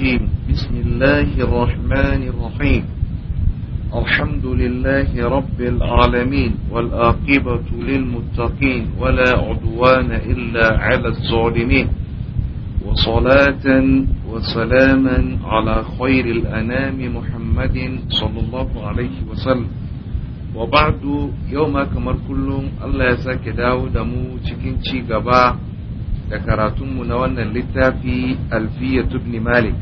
الرجيم بسم الله الرحمن الرحيم الحمد لله رب العالمين والآقبة للمتقين ولا عدوان إلا على الظالمين وصلاة وسلاما على خير الأنام محمد صلى الله عليه وسلم وبعد يوم كمر كلهم الله يساك داود مو تكين تشي ذكراتم نوانا na في الفية alfiyatu مالك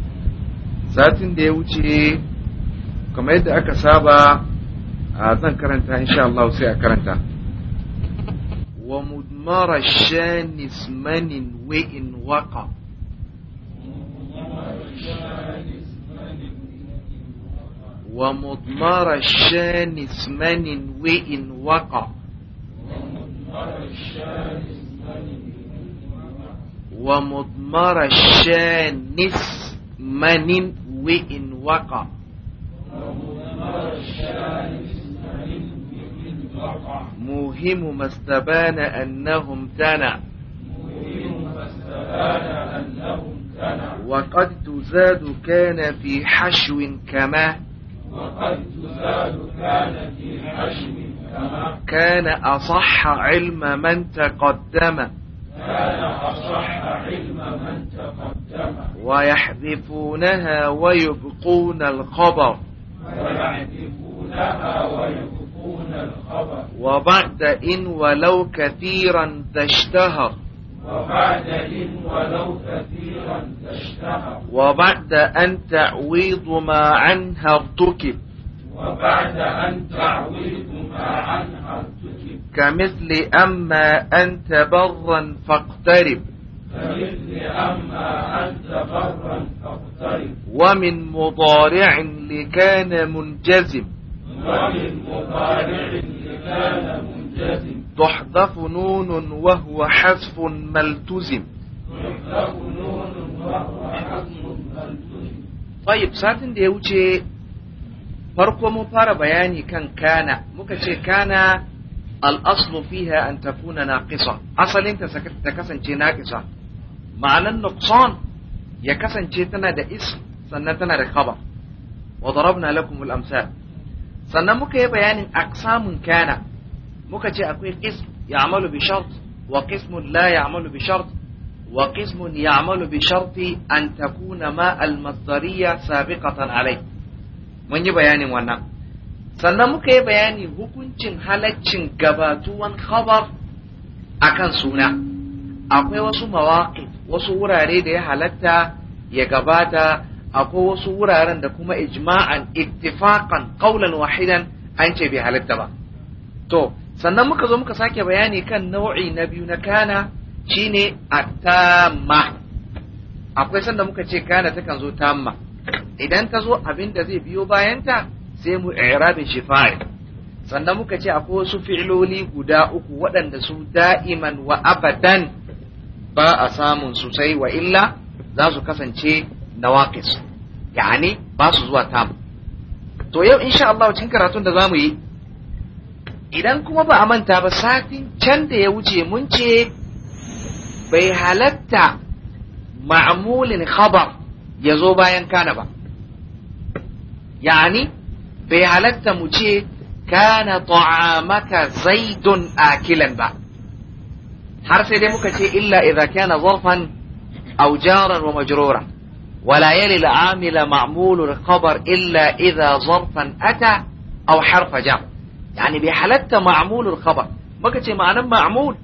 satin da ya wuce kamar yadda aka saba a zan karanta insha Allah sai a karanta wa mudmara shanis manin wa in waqa wa mudmara shanis manin wa wa'in waka ومضمر الشانس من وإن وقع موهم ما استبان أنهم تنى وقد تزاد كان في حشو كما وقد تزاد كان في حشو كما كان أصح علم من تقدم كان أصح علم من تقدم ويحذفونها ويبقون الخبر ويحذفونها ويبقون الخبر وبعد إن ولو كثيرا تشتهر وبعد إن ولو كثيرا تشتهر وبعد أن تعويض ما عنها ارتكب وبعد أن تعويض ما كمثل أما أنت برا فاقترب كمثل أما أنت برا فاقترب ومن مضارع لكان منجزم ومن مضارع لكان منجزم تحذف نون وهو حذف ملتزم تحذف نون وهو حذف ملتزم طيب ساتن da ya wuce farko كان fara bayani كان al'aslu fiha an takuna naqisa asalin ta kasance naqisa ma'anan nuqsan ya kasance tana da is sannan tana da khabar wa darabna lakum sannan muka yi bayanin aksamun kana muka ce akwai qism ya'malu bi shart wa qismun la ya'malu bi shart wa kismun ya'malu bi sharti an takuna ma al-masdariyya sabiqatan alayh mun yi bayanin wannan sannan muka yi bayani hukuncin halaccin gabatuwan khabar akan suna akwai wasu mawaƙi wasu wurare da ya halatta ya gabata akwai wasu wuraren da kuma ijma'an ittifaqan ƙaulan wahidan an ce bai halatta ba to sannan muka zo muka sake bayani kan nau'i na biyu na kana shine atamma akwai sanda muka ce kana takan zo tamma idan ta zo abin da zai biyo bayanta sai mu i'rabin shi fa'il sannan muka ce akwai wasu fi'iloli guda uku waɗanda su da'iman wa abadan ba a samun su sai wa illa za su kasance nawaqis yani ba su zuwa tam to yau insha Allah cikin karatun da zamu yi idan kuma ba a manta ba satin can da ya wuce mun ce bai halatta ma'amulin khabar ya zo bayan kana ba ya'ani? bai halatta mu ce kana ta'amaka zaidun akilan ba har sai dai muka ce illa idza kana zarfan aw jaran wa majrura wala yali al'amila ma'mulu al-khabar illa idza zarfan ata aw harfa jar yani bai halatta ma'mulu khabar muka ce ma'anan ma'mul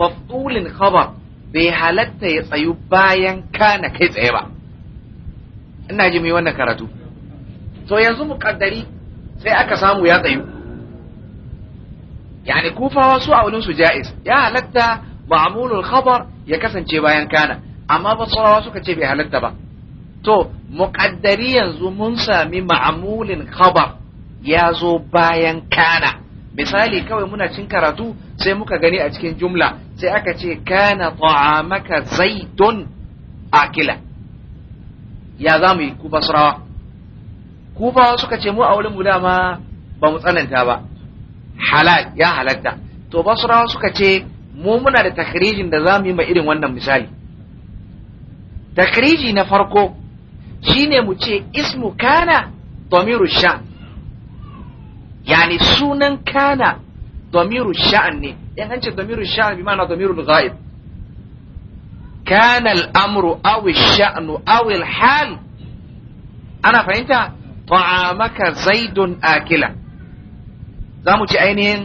maf'ulin khabar bai halatta ya tsayu bayan kana kai tsaye ba ina ji mai wannan karatu to yanzu mu sai aka samu ya tsayu yani kufawa su a wurin su ja'iz ya halatta ma'amulin khabar ya kasance bayan kana amma basarawa suka ce bai halatta ba to muqaddari yanzu mun sami ma'amulin khabar ya zo bayan kana misali kawai muna cin karatu sai muka gani a cikin jumla sai aka ce kana ta'amaka zaidun akila ya za mu yi ku basrawa kufawa suka ce mu a wurin mu dama ba mu tsananta ba halal ya halatta to rawa suka ce mu muna da takrijin da za mu yi ma irin wannan misali takriji na farko shine mu ce ismu kana domiru sha yani sunan kana domiru sha'an ne in an ce domiru sha'an bi ma'ana domiru ghaib kana al'amru aw sha'nu aw hal ana fahimta ta'amaka zaidun akila za mu ci ainihin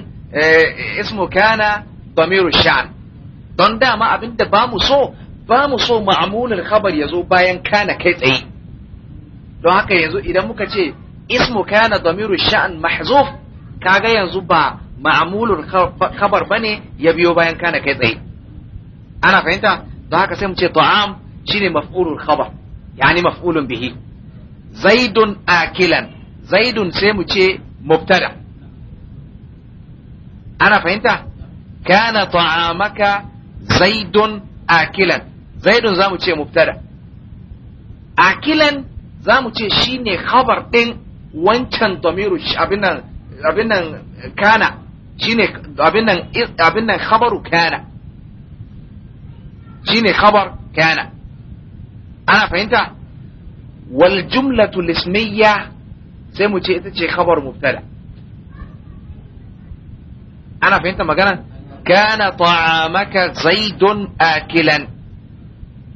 ismu kana damiru sha'an don dama abinda ba mu so ba mu so ma'amulin khabar ya zo bayan kana kai tsaye don haka yanzu idan muka ce ismu kana damiru sha'an mahzuf kaga yanzu ba ma'amulin khabar bane ya biyo bayan kana kai tsaye ana fahimta don haka sai mu ce ta'am shine maf'ulul khabar yani maf'ulun bihi zaidun akilan zaidun sai mu ce mubtada ana fahimta kana ta'amaka zaidun akilan zaidun za mu ce mubtada akilan za mu ce shi ne khabar ɗin wancan domiru abin nan abin nan kana shi ne abin nan khabaru kana Shi ne khabar kana ana fahimta والجملة الاسمية زي متي اتشي خبر مبتدا انا فهمت مجانا كان طعامك زيد اكلا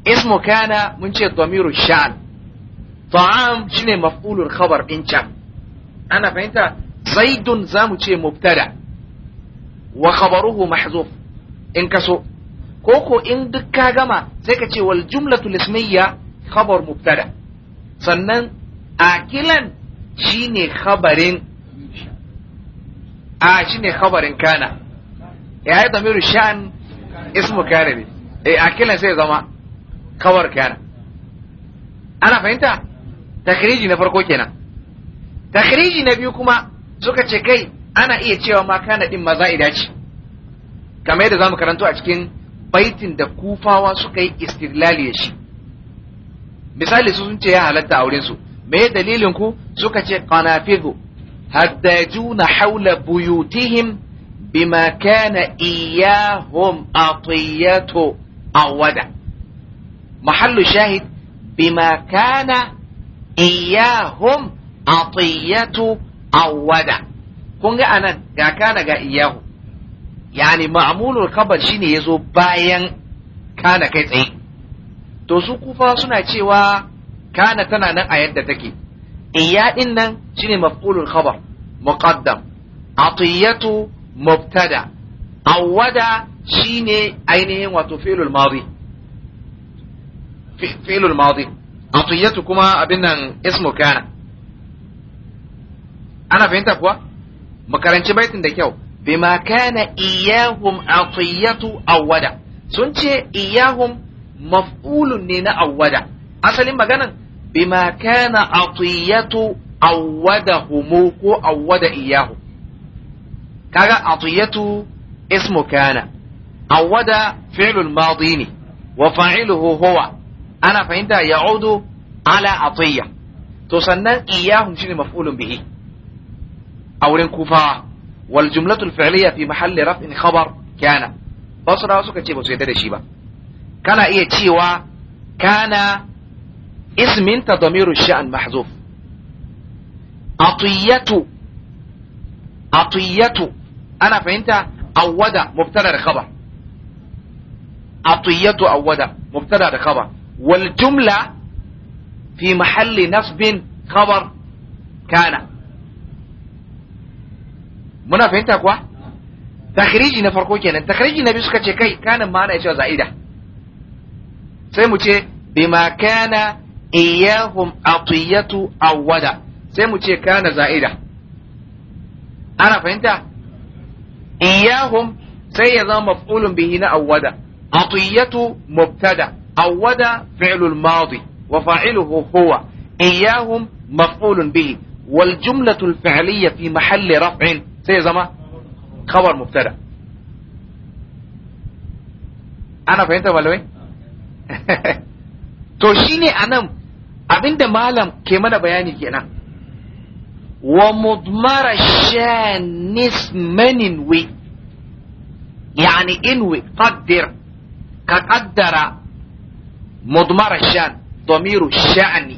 اسمه كان منشي الضمير الشان طعام شنو مفقول الخبر انشا انا فهمت زيد زامتي مبتدا وخبره محذوف انكسو كوكو ان دكا جما سيكتشي والجمله الاسميه خبر مبتدا sannan akilan shine khabarin a shine khabarin kana ya yi damiru shan ismu kana ne eh akilan sai zama kawar kana ana fahimta takriji na farko kenan takriji na biyu kuma suka ce kai ana iya cewa ma kana din maza'ida ce kamar yadda zamu karanto a cikin baitin da kufawa suka yi istilali da shi misali su sun ce ya halatta aure su me dalilin ku suka ce qanafidu haddajuna haula buyutihim bima kana iyahum atiyatu awada mahallu shahid bima kana iyahum atiyatu awada kun ga anan ga kana ga iyahu yani ma'mulul khabar shine yazo bayan kana kai tsaye to su kufa suna cewa kana tana nan a yadda take iya din nan shine maf'ulul khabar muqaddam atiyatu mubtada Awada shine ainihin wato fi'lul madi fi'lul madi atiyatu kuma abin nan ismu kana ana fahimta kuwa makaranci baitin da kyau bima kana iyahum atiyatu awada. sun ce iyahum مفعول نين أودا أصل ما قال بما كان أوده موكو أود إياه كذا عطية اسم كان أود فعل الماضين وفعله هو أنا فإنت يعود على عطية تصنى إياه شيء مفعول به أو الانكفاء والجملة الفعلية في محل رفع خبر كان بصرا سكتي بصيدة شيبة kana iya cewa kana ismin ta damiru sha'an mahzuf atiyatu atiyatu ana fahimta awwada mubtada da khabar atiyatu awwada mubtada da khabar wal jumla fi mahalli nasbin khabar kana muna fahimta kuwa takhriji na farko kenan takhriji na biyu suka ce kai kanin ma'ana ya ce za'ida sai mu ce bima kana iyahum atiyatu awwada sai mu ce kana za'ida ana fahimta iyahum sai ya zama maf'ulun bihi na awwada atiyatu mubtada awwada fi'lul madi wa fa'iluhu huwa iyahum maf'ulun bihi wal jumlatul fi'liyya fi mahalli raf'in sai ya zama khabar mubtada ana fahimta malamai to shine anan abinda malam ke mana bayani kenan wa mudmara shanis manin we yani in inwe qaddir ka qaddara mudmara shan domiru sha'ani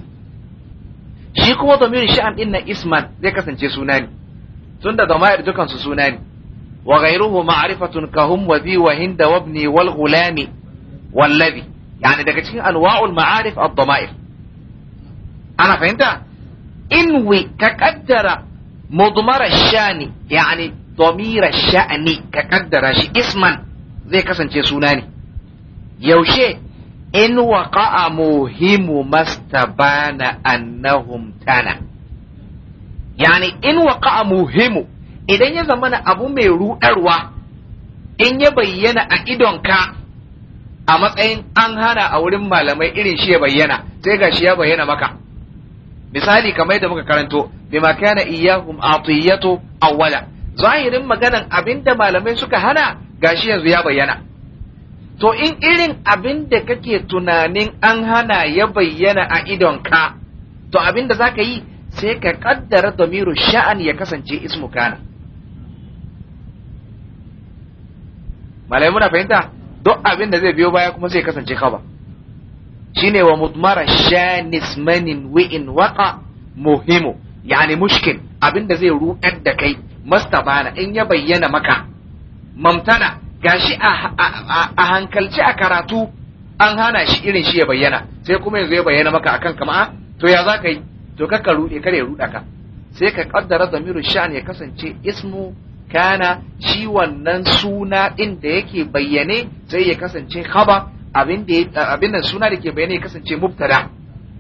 shi kuma domiru sha'an din nan isman zai kasance suna ne tunda domair dukan su suna ne wa ghayruhu ma'rifatun kahum wa bi wa hinda wa ibni wal ghulami wallazi يعني ده كتير أنواع المعارف الضمائر أنا فهمتها انو كقدر مضمر الشان يعني ضمير الشأن كقدر شي اسما زي كسن شي سوناني يوشي إن وقع مهم ما استبان أنهم تانا يعني إن وقع مهم إذا يزمن أبو ميرو أروى إن يبين أكيدون كان a matsayin an hana a wurin malamai irin shi ya bayyana sai ga shi ya bayyana maka misali kamar yadda muka karanto bima kana iyyahum atiyatu awwala zahirin maganan abinda malamai suka hana gashi yanzu ya bayyana to in irin abinda kake tunanin an hana ya bayyana a idon ka, to abinda zaka yi sai ka kaddara damiru sha'an ya kasance ismu kana malamai muna fahimta duk abin da zai biyo baya kuma zai kasance Shi shine wa mudmara shanis manin wi'in waqa muhimu yani mushkil abinda zai ruɗar da kai mastabana in ya bayyana maka mamtana gashi a hankalci a karatu an hana shi irin shi ya bayyana sai kuma yanzu ya bayyana maka akan kama ah, to ya za ka yi to kakka ruɗe kare ya ruɗa ka sai ka kaddara zamiru sha'an ya kasance ismu kana shi wannan suna ɗin da yake bayyane sai ya kasance khabar abin nan suna da ke bayyane ya kasance mubtada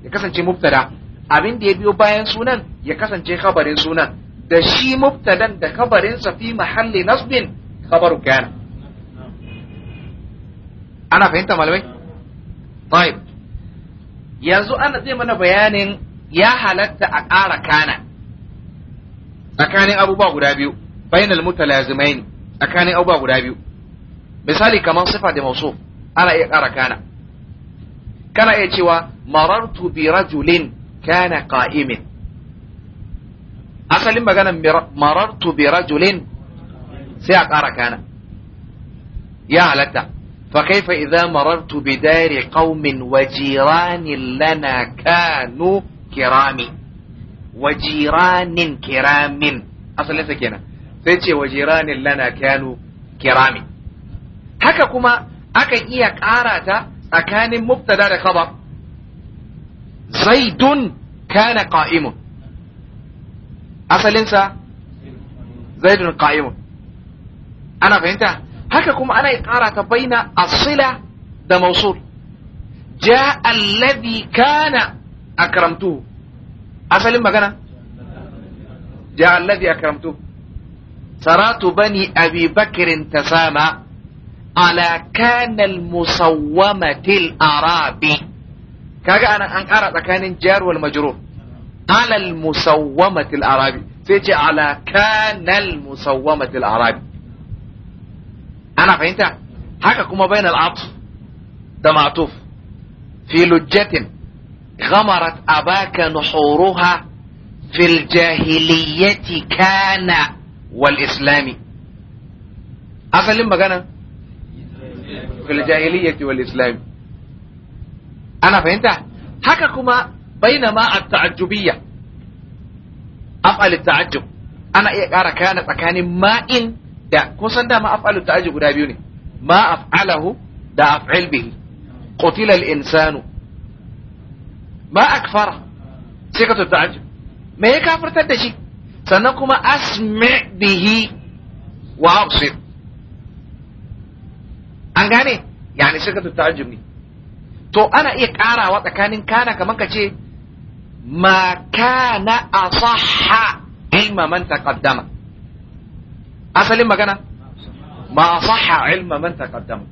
ya kasance mubtada abin da ya biyo bayan sunan ya kasance khabarin sunan da shi mubtadan da khabarin sa fi mahalli nasbin khabaru kana ana fahimta malamai طيب yanzu ana zai mana bayanin ya halatta a ƙara kana tsakanin abubuwa guda biyu بين المتلازمين أكان أو باب رابيو مثالي كمان صفة دي موصوف أنا إقارة إيه كان كان إيتي مررت برجل كان قائم أصل لما قال مررت برجل سيقارة كان يا علتا فكيف إذا مررت بدار قوم وجيران لنا كانوا كرامي وجيران كرام أصل لسا كنا sai ce wa jiranin lana kyanu kirami haka kuma akan iya ƙara ta tsakanin mubtada da khabar zaidun kana qa'imun asalinsa zaidun qa'imun ana fahimta haka kuma ana ƙara ta baina asila da mausul ja alladhi kana akramtuhu asalin magana ja alladhi akramtuhu ترات بني أبي بكر تسامى على كان المصومة الأرابي كاجا أنا أنقرأ كان الجار والمجرور على المصومة الأرابي سيجي على كان المصومة الأرابي أنا فهمت حاجة كما بين العطف ده معطوف في لجة غمرت أباك نحورها في الجاهلية كان wal islami asalin magana fil jahiliyyati wal islami ana fahimta haka kuma baina at-ta'ajjubiyya af'al at-ta'ajjub ana iya ƙara kana tsakanin ma'in da kusan dama af'al at-ta'ajjub guda biyu ne ma af'alahu da af'il bihi qutila insanu ma akfara sai ka me ya kafirtar da shi sannan kuma asme bihi wa absir an gane yani shakatu ta'ajjub ne to ana iya karawa tsakanin kana kamar ka ce ma kana asahha ilma man taqaddama asalin magana ma asahha ilma man taqaddama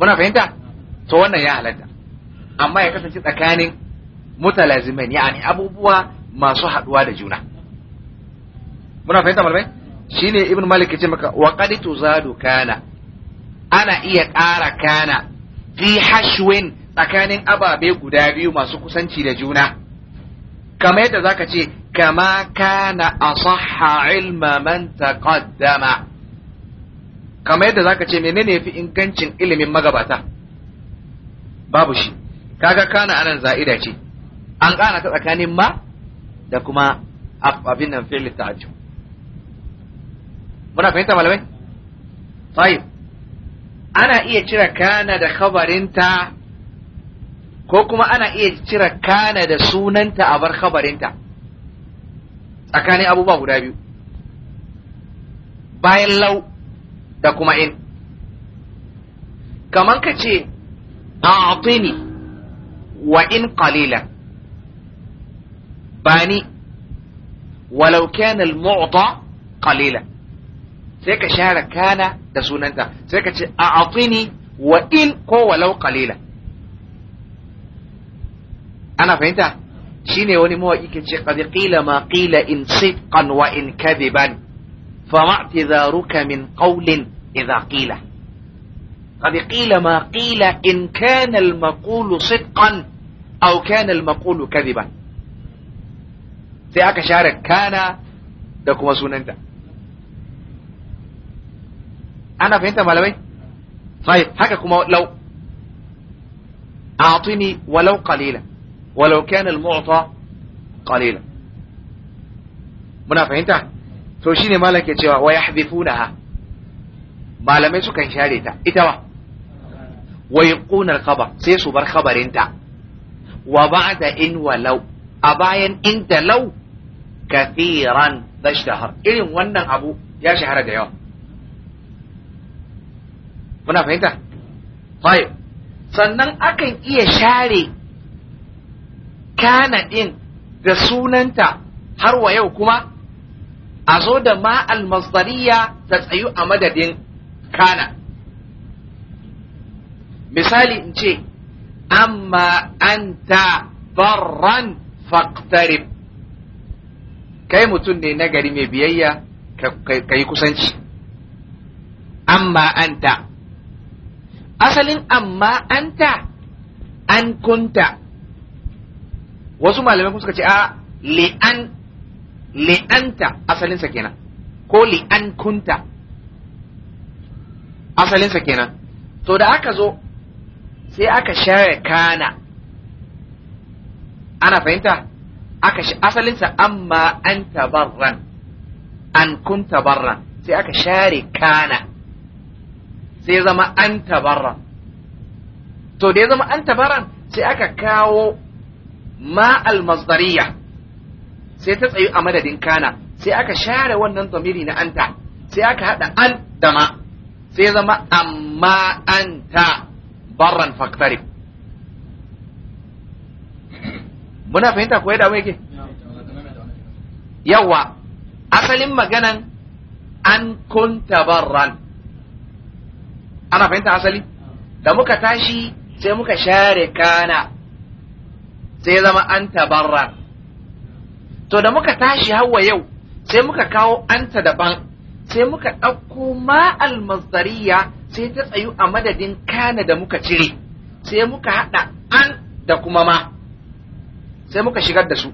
muna fahimta to wannan ya halatta amma ya kasance tsakanin mutalazimai yani abubuwa masu haduwa da juna muna fahimta malamai shine ibn malik yace maka wa qaditu zadu kana ana iya ƙara kana fi hashwin tsakanin ababe guda biyu masu kusanci da juna kamar yadda zaka ce kama kana asahha ilma man taqaddama kamar yadda zaka ce menene yafi ingancin ilimin magabata babu shi kaga kana anan za'ida ce an kana ta tsakanin ma da kuma abin nan ta ajo muna fahimta malamai tayi ana iya cire kana da khabarinta ko kuma ana iya cire kana da sunanta a bar khabarinta tsakanin abubuwa guda biyu bayan lau da kuma in kamar ka ce a'tini wa in qalilan باني ولو كان المعطى قليلا sai ka share kana da sunanta sai ka ce a atini wa in ko walau qalila ana fahimta shine wani mawaki ke ce qad qila ma qila in sidqan wa in kadiban fa ma'tizaruka min qawlin idha qila قد قيل ما قيل إن كان المقول صدقا أو كان المقول كذبا sai aka share kana da kuma sunanta ana fahimta malamai sai haka kuma law a'tini walau qalila walau kana al-mu'ta qalila muna fahimta to shine malam ke cewa wa yahdifunaha malamai sukan share ta ita ba wa yaquna al-khabar sai su bar khabarin ta wa ba'da in walau a bayan in da lau da dashtahar irin wannan abu ya shahara da yawa muna fahimta tayyib sannan akan iya share kana din da sunanta har wa yau kuma a zo da ma almasdariya ta tsayu a madadin kana misali in ce amma anta barran faqtarib kai mutum ne na gari mai biyayya ka yi kusanci amma anta asalin amma anta an kunta wasu malamai suka ce a li'an li'anta asalinsa kenan ko li'an kunta asalinsa kenan to da aka zo sai aka share kana ana fahimta aka shi asalinsa amma an tabarran an kun tabarran sai aka share kana sai zama an tabarran to da ya zama an tabarran sai aka kawo ma almasdariya sai ta tsayu a madadin kana sai aka share wannan zamiri na anta sai aka hada an da ma sai zama amma anta barran faktarif muna fahimta ko yadda muke yawa asalin maganan an kunta barran ana fahimta asali da muka tashi sai muka share kana sai zama an tabarra to da muka tashi hawa yau sai muka kawo anta daban sai muka ɗauko ma almasdariya sai ta tsayu a madadin kana da muka cire sai muka haɗa an da kuma ma sai muka shigar da su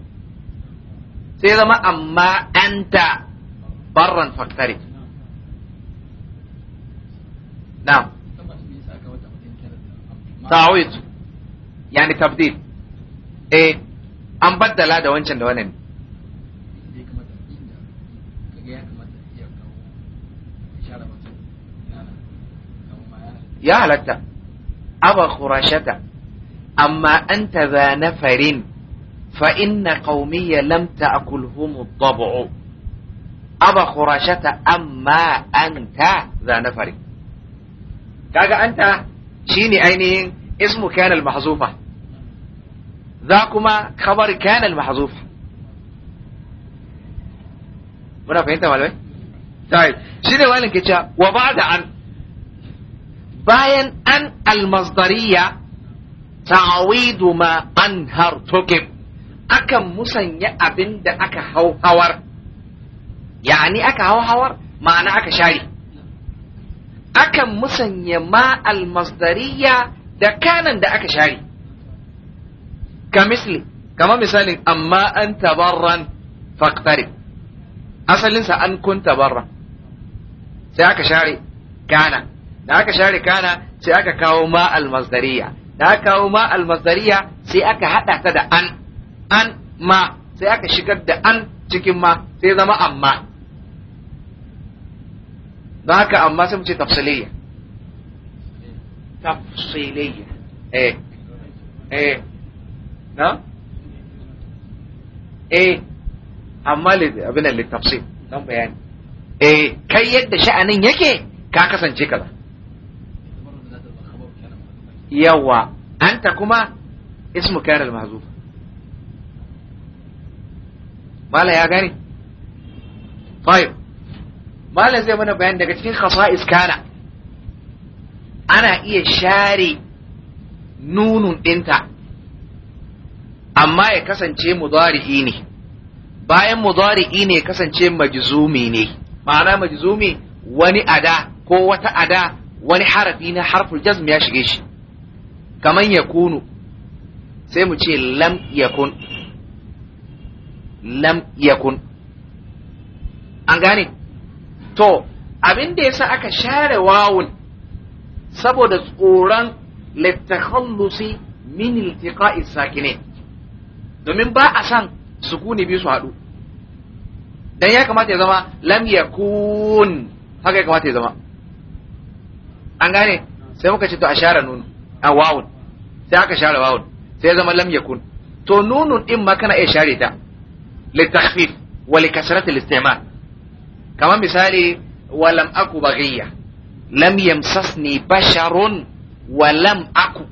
sai zama amma anta barran faktare na'am ta'awid yani tabdil eh an baddala da wancan da wannan ya halatta aba khurashata amma an anta za nafarin فإن قومي لم تأكلهم الضبع أبا خراشة أما أنت ذا نفر كاغا أنت شيني أيني اسم كان المحذوفة ذاكما خبر كان المحظوفة muna fahimta malamai tayi shine walin ke cewa wa ba'da an bayan an al ta'awidu ma an har tukib akan musanya abin da aka hauhawar yani aka hauhawar ma'ana aka share akan musanya ma al-masdariya da kanan da aka share ka misli kama misalin amma an tabarran asalin sa an kun tabarran sai aka share kana da aka share kana sai aka kawo ma al-masdariya da aka kawo ma al-masdariya sai aka hada ta da an an ma sai aka shigar da an cikin ma sai zama amma don haka amma sai mu ce tafsiliyya tafsiliyya eh eh na eh amma abin da littafsir don bayani eh kai yadda sha'anin yake ka kasance kaza yawa anta kuma ismu kayan mahzufa mala ya gane Fayo. mala zai mana bayan daga cikin khasa'is iskana. ana iya share nunun ɗinta amma ya kasance mudari'i ne bayan mudari'i ne kasance majizumi ne ma'ana majizumi wani ada ko wata ada wani harafi na harful jazm ya shige shi kaman yakunu sai mu ce lam yakun lam yakun an gane to abin da yasa aka share wawun saboda tsoron littakhallusi min iltiqa'i sakine domin ba a san sukuni biyu su haɗu dan ya kamata ya zama lam yakun haka ya kamata ya zama an gane sai muka ce to a share nunu, a wawun sai aka share wawun sai ya zama lam yakun to nunun din ma kana iya share ta للتخفيف ولكثرة الاستعمال كمان مثالي ولم أكو بغية لم يمسسني بشر ولم أكو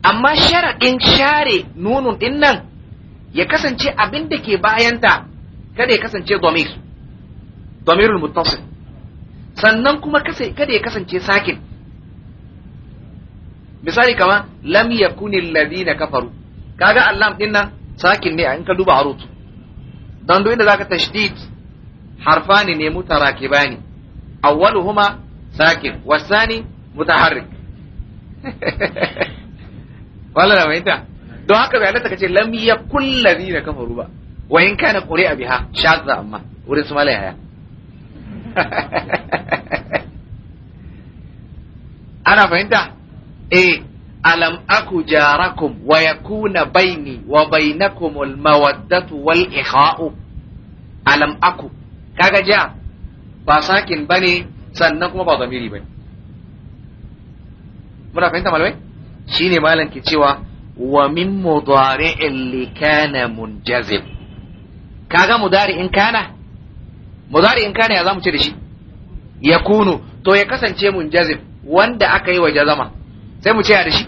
amma sharaɗin share nunun ɗin nan ya kasance abin ke bayanta kada ya kasance domir domirul muttasil sannan kuma kada ya kasance sakin misali kama lam yakuni alladhina kafaru kaga allam ɗin sakin ne in ka duba harutu don duk inda ka tashdid harfani ne mutarakibani huma sakin wasani mutaharrik wala da mai don haka bai halatta kace lam yakul ladina kafaru ba wa in kana quri'a biha shadza amma wurin su mala yaya ana fahimta eh alam aku jarakum wa yakuna baini wa bainakum almawaddatu wal ikha'u alam aku kaga ja ba sakin bane sannan kuma ba zamiri bane muna fahimta malamai shine malam ke cewa wa min mudari'in li kana munjazib kaga mudari in kana mudari in kana ya zamu ce da shi yakunu to ya kasance munjazib wanda aka yi wa jazama sai mu ce da shi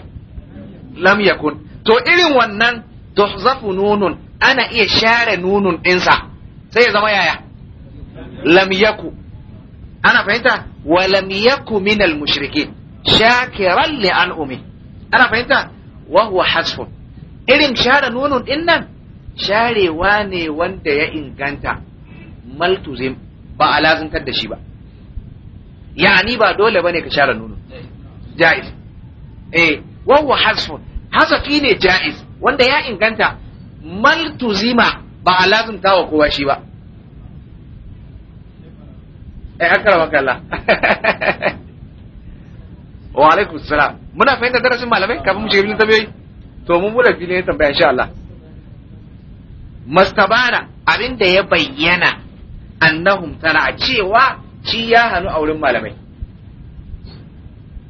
lam yakun to irin wannan tuhzafu nunun ana iya share nunun ɗinsa sai ya zama yaya lam yaku ana fahimta wa lam yaku min al mushrikin shakiran li an umi ana fahimta wa huwa hasfun irin share nunun ɗin nan sharewa ne wanda ya inganta maltuzim ba a lazantar da shi ba Ya'ani ba dole bane ka share nunun jaiz eh wa hasfun hasafi ne jaiz wanda ya inganta maltuzima ba a lazumta wa kowa shi ba eh akara makalla wa alaikum salam muna fahimtar darasin malamai kafin mu shiga filin tambayoyi to mun bude filin tambaya insha Allah mastabana abinda ya bayyana annahum tana cewa shi ya hannu a wurin malamai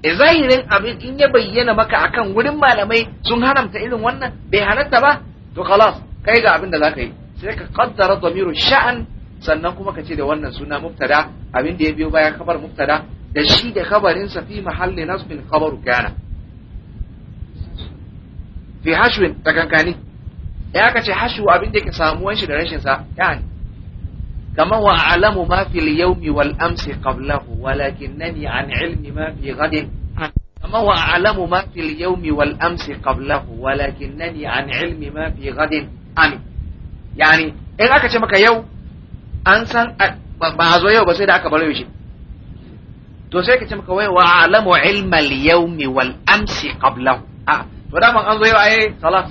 e zahirin abin in ya bayyana maka akan wurin malamai sun haramta irin wannan bai halatta ba to khalas kai ga abin da zaka yi sai ka qaddara damiru sha'an sannan kuma ka ce da wannan suna mubtada abin da ya biyo baya kabar mubtada da shi da kabarin sa fi mahalli nasbin khabaru kana fi hashwin kankani, ya ka ce hashu abin da yake samu wanshi da rashin sa yani كما هو أعلم ما في اليوم والأمس قبله ولكنني عن علم ما في غد كما هو أعلم ما في اليوم والأمس قبله ولكنني عن علم ما في غد أني يعني إن أكا تمكا يو أنسان ما أزو يو بسيدة أكا بلو يجي تو سيكا تمكا يو وأعلم علم اليوم والأمس قبله أه ودام أنزو يو أي صلاة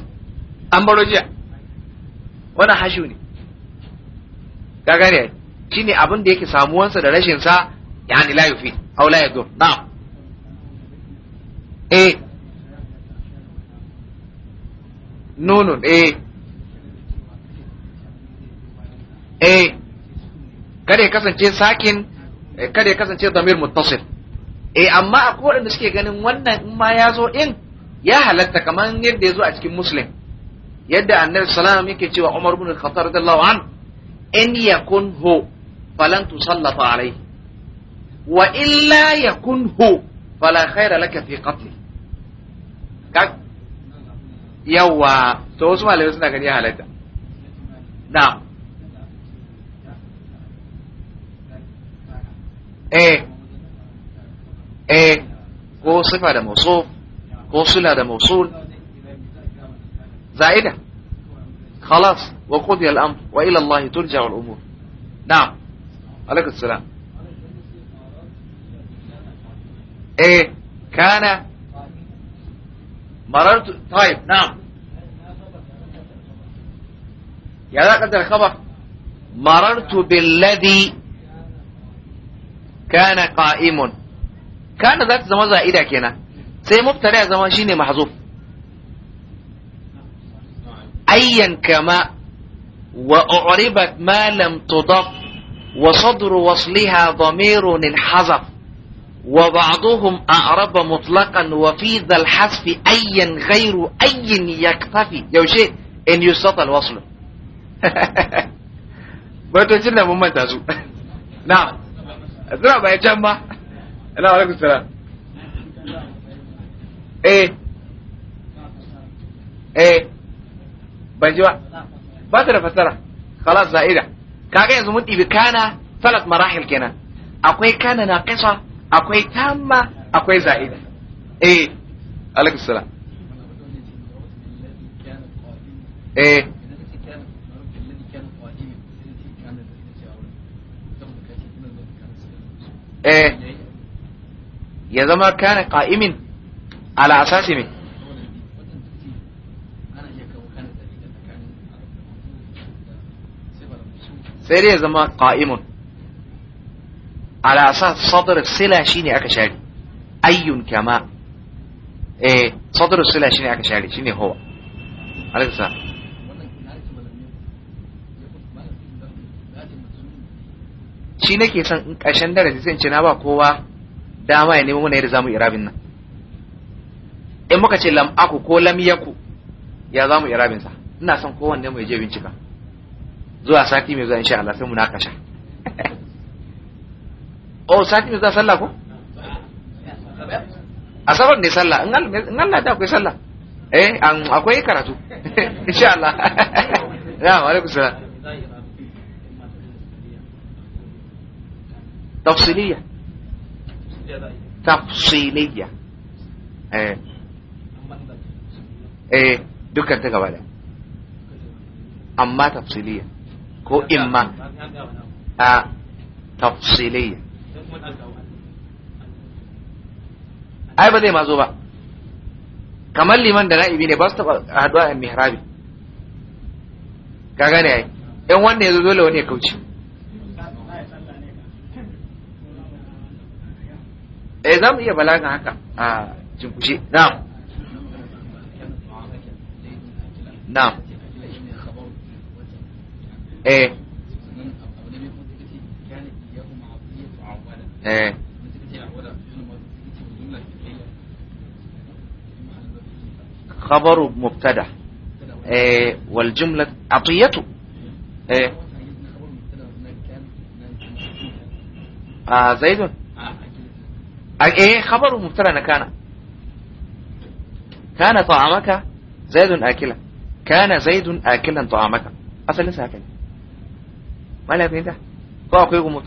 أمبرو وانا حشوني ka gane ne abin da yake samuwansa da rashin sa ni la yufi aw la yadur na'am eh nunun eh eh kada ya kasance sakin eh, kada ya kasance damir muttasil eh amma akwai waɗanda suke ganin wannan in ma ya zo in ya halatta kamar yadda ya zo a cikin muslim yadda annabi sallallahu alaihi wasallam yake cewa Umar ibn Khattab radiyallahu anhu in yakun hu falan tusallata alayhi wa illa yakun hu fala khaira laka fi qatli ka yawa to wasu malamai suna gani halatta na eh eh ko sifa da mausul ko sula da mausul za'ida خلاص وقضي الأمر وإلى الله ترجع الأمور نعم عليكم السلام ايه كان مررت طيب نعم يا لا قدر الخبر مررت بالذي كان قائم كان ذات زمان زائدة كنا سي مبتدع زمان شيني محظوف ايا كما وأعربت ما لم تضف وصدر وصلها ضمير انحذف وبعضهم أعرب مطلقا وفي ذا الحذف أيا غير أي يكتفي يو شيء إن يستطى الوصل جنة ممن تازو نعم السلام بأي جمع لا عليكم السلام ايه ايه بجوا نعم. ba ta da fassara khalas za'ida kaga yanzu mun ɗibi kana salat marahil kenan akwai kana na kasa akwai tamma akwai za'ida eh alaikum salam eh eh ya zama kana qa'imin ala asasi me sai dai ya zama qa'imun ala sadr sila shi ne aka share ayyun kama eh sadr sila shi ne aka share shi ne huwa alisa shi nake son in ƙarshen darasi zan ce na ba kowa dama ya nemo wani yadda zamu irabin nan in muka ce lam'aku ko lam yaku ya zamu irabin sa ina son kowanne mu je bincika zuwa sati mai zuwa insha Allah sai mu nakasha oh sati mai zuwa sallah ko asabar ne sallah in Allah da akwai sallah eh an akwai karatu insha Allah na'am alaikum salam tafsiliya tafsiliya eh eh dukkan ta gaba da amma tafsiliya ko imma a tafsiliyya ai ba zai mazo ba kamar liman da na'ibi ne ba su taɓa haɗuwa a mihrabi ka gane ai yan wanda ya zo dole wani ya kauce eh za mu iya balaga haka a cinkushe na'am na'am ايه ايه خبر مبتدا ايه والجمله عطيته ايه آه زيد آه، ايه خبر مبتدا كان كان طعامك زيد اكلا كان زيد اكلا طعامك اصل لسه Malam malai fahimta ko akwai gumut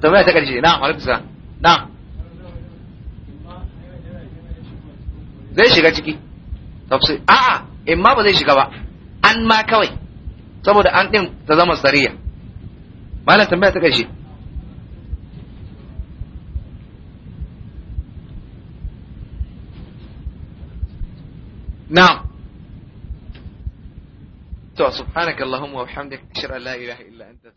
tambaya ta karshe na alaikum salam na zai shiga ciki tafsir a'a in ma ba zai shiga ba an ma kawai saboda an din ta zama sariya malam tambaya ta karshe na'am subxaanaka allahuma wabxamdik ashhadu an laa ilaha illa anta